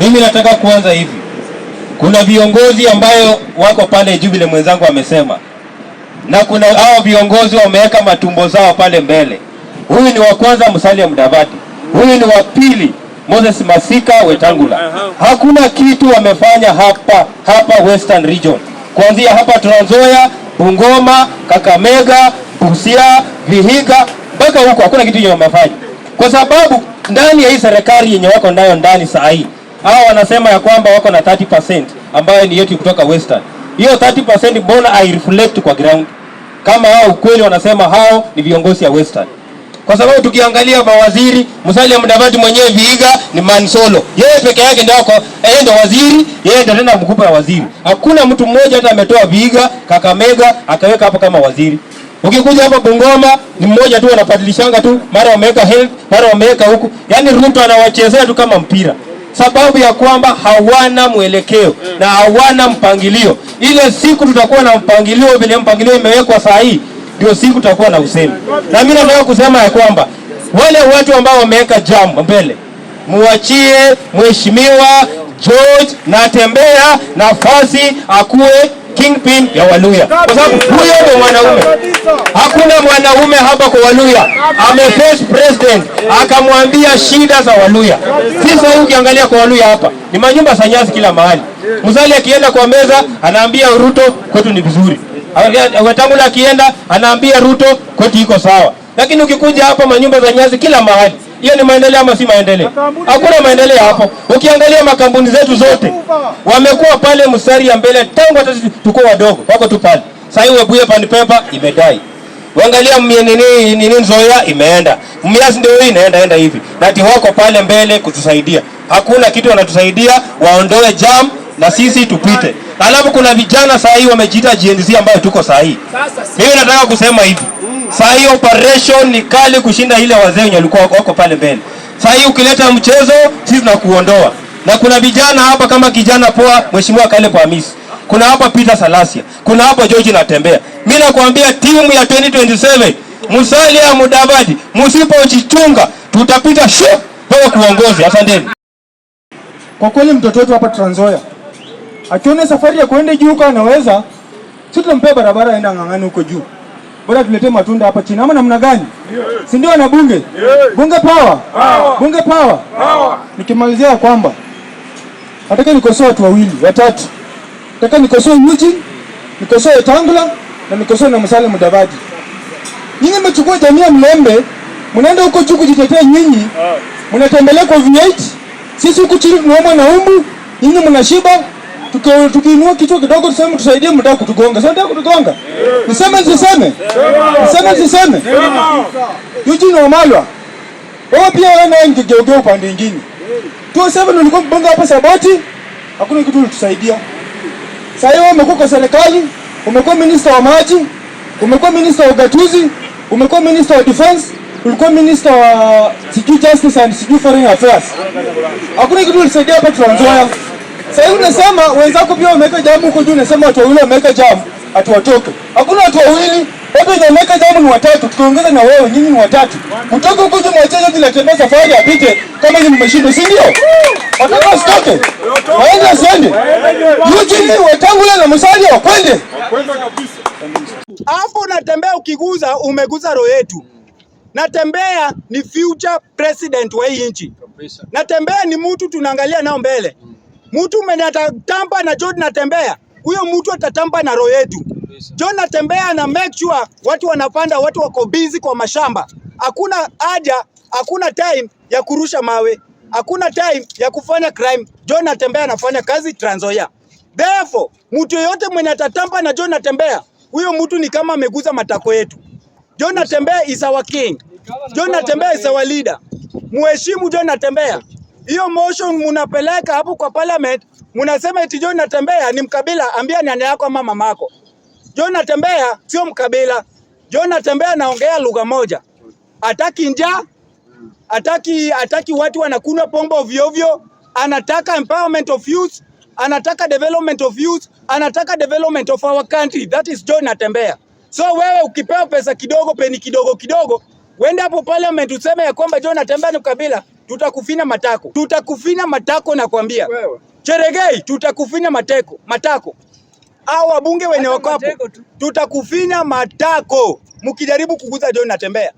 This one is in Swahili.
Mimi nataka kuanza hivi, kuna viongozi ambayo wako pale Jubilee, mwenzangu amesema, na kuna hao viongozi wameweka matumbo zao pale mbele. Huyu ni wa kwanza Musalia Mudavadi, huyu ni wa pili Moses Masika Wetangula. Uh-huh. Hakuna kitu wamefanya hapa hapa Western Region, kuanzia hapa Trans Nzoia, Bungoma, Kakamega, Busia, Vihiga mpaka huko, hakuna kitu yenye wamefanya, kwa sababu ndani ya hii serikali yenye wako nayo ndani saa hii hawa wanasema ya kwamba wako na 30% ambayo ni yetu kutoka Western. Hiyo 30% mbona bona reflect kwa ground kama hao ukweli wanasema hao ni viongozi ya Western, kwa sababu tukiangalia mawaziri, Musalia Mudavadi mwenyewe Vihiga ni man solo. yeye peke yake ndio ako yeye ndio waziri, yeye ndio tena mkubwa wa waziri. Hakuna mtu mmoja hata ametoa Vihiga Kakamega akaweka hapo kama waziri. Ukikuja hapa Bungoma ni mmoja tu, wanapadilishanga tu, mara wameweka health, mara wameweka huku, yaani Ruto anawachezea tu kama mpira sababu ya kwamba hawana mwelekeo na hawana mpangilio. Ile siku tutakuwa na mpangilio, vile mpangilio imewekwa saa hii, ndio siku tutakuwa na usemi. Na mimi nataka kusema ya kwamba wale watu ambao wameweka jambo mbele, muachie mheshimiwa George Natembeya nafasi akuwe kingpin ya Waluya, kwa sababu huyo ndo mwanaume. Hakuna mwanaume hapa kwa Waluya ameface president akamwambia shida za Waluya. Sasa hii ukiangalia kwa Waluya hapa ni manyumba sanyasi kila mahali. Msali akienda kwa meza anaambia Ruto kwetu ni vizuri, Wetangula akienda anaambia Ruto kwetu iko sawa, lakini ukikuja hapa manyumba za nyasi kila mahali hiyo ni maendeleo ama si maendeleo? Hakuna maendeleo hapo. Ukiangalia makampuni zetu zote wamekuwa pale mstari ya mbele tangu hata tuko wadogo, wako tu pale. Sasa hiyo Webuye Panpepa imedai Uangalia Wangalia nini nini Nzoia imeenda. Mmiasi ndio hii inaenda enda hivi. Na ati wako pale mbele kutusaidia. Hakuna kitu wanatusaidia, waondoe jam na sisi tupite. Alafu kuna vijana saa hii wamejiita GNZ ambayo tuko saa hii. Mimi nataka kusema hivi. Saa hii operation ni kali kushinda ile wazee wenye walikuwa wako pale mbele. Saa hii ukileta mchezo sisi tunakuondoa. Na kuna vijana hapa kama kijana poa Mheshimiwa kwa Hamisi. Kuna hapa Peter Salasia. Kuna hapa George Natembea. Mimi nakwambia timu ya 2027 Musalia Mudavadi, msipojichunga tutapita shu wewe kuongozi. Asanteni. Kwa kweli mtoto wetu hapa Trans Nzoia akione safari ya kuenda juu, kwa anaweza sisi tumpe barabara aende ng'ang'ani huko juu bora tuletee matunda hapa chini, ama namna gani? Si ndio? Na bunge bunge power, bunge power. Nikimalizia ya kwamba nataka nikosoe watu wawili watatu, nataka nikosoe Yuji, nikosoe Tangula na nikosoe na Musalia Mudavadi. Nyinyi mmechukua jamii ya Mlembe, mnaenda huko juu kujitetea. Nyinyi mnatembelea kwa V8, sisi huku chini tunaumwa na umbu, nyinyi mnashiba tukiinua kichwa kidogo tuseme tusaidie, mtaka kutugonga. Sasa mtaka kutugonga, niseme nisiseme? Niseme nisiseme? Eugene Wamalwa, wewe pia wewe na naye ningegeugea upande mwingine. Tu sasa ulikuwa mbonga hapa Saboti, hakuna kitu ulitusaidia. Sasa wewe umekuwa kwa serikali, umekuwa minister wa maji, umekuwa minister wa ugatuzi, umekuwa minister wa defense, ulikuwa minister wa sijui justice and sijui foreign affairs. Hakuna kitu ulitusaidia hapa Trans Nzoia. Sasa hivi unasema wenzako pia wameweka jamu huko juu, unasema watu wawili wameweka jamu atuwatoke. Hakuna watu wawili, wote wameweka jamu ni watatu, tukiongeza na wewe nyinyi ni watatu. Mtoke huko juu mwachaje bila tembea safari apite kama ni mmeshindwa, si ndio? Watoto wasitoke. Waende asiende. Yuji watangula na msali kwende Hapo unatembea ukiguza, umeguza roho yetu. Natembea ni future president wa hii nchi. Natembea ni mtu tunaangalia nao mbele. Mtu mwenye atatamba na John natembea, huyo mtu atatamba na roho yetu. John natembea na make sure watu wanapanda, watu wako busy kwa mashamba. Hakuna haja, hakuna time ya kurusha mawe, hakuna time ya kufanya crime. John natembea anafanya kazi Trans Nzoia. Therefore, mtu yeyote mwenye atatamba na John natembea, huyo mtu ni kama ameguza matako yetu. John natembea is our king. John natembea is our leader. Muheshimu John natembea hiyo motion munapeleka hapo kwa parliament, munasema eti John Natembea ni mkabila. Ambia nyanya yako ama mama yako, John Natembea sio mkabila. John Natembea naongea lugha moja, ataki nja, ataki ataki watu wanakunywa pombe ovyo ovyo, anataka empowerment of youth, anataka development of youth, anataka development of our country. That is John Natembea. So wewe ukipewa pesa kidogo, peni kidogo kidogo, wende hapo parliament useme ya kwamba John Natembea ni mkabila tutakufina matako, tutakufina matako nakwambia Cheregei, tutakufina mateko matako. Au wabunge wenye wakapo, tutakufina matako mkijaribu kuguza John Natembea.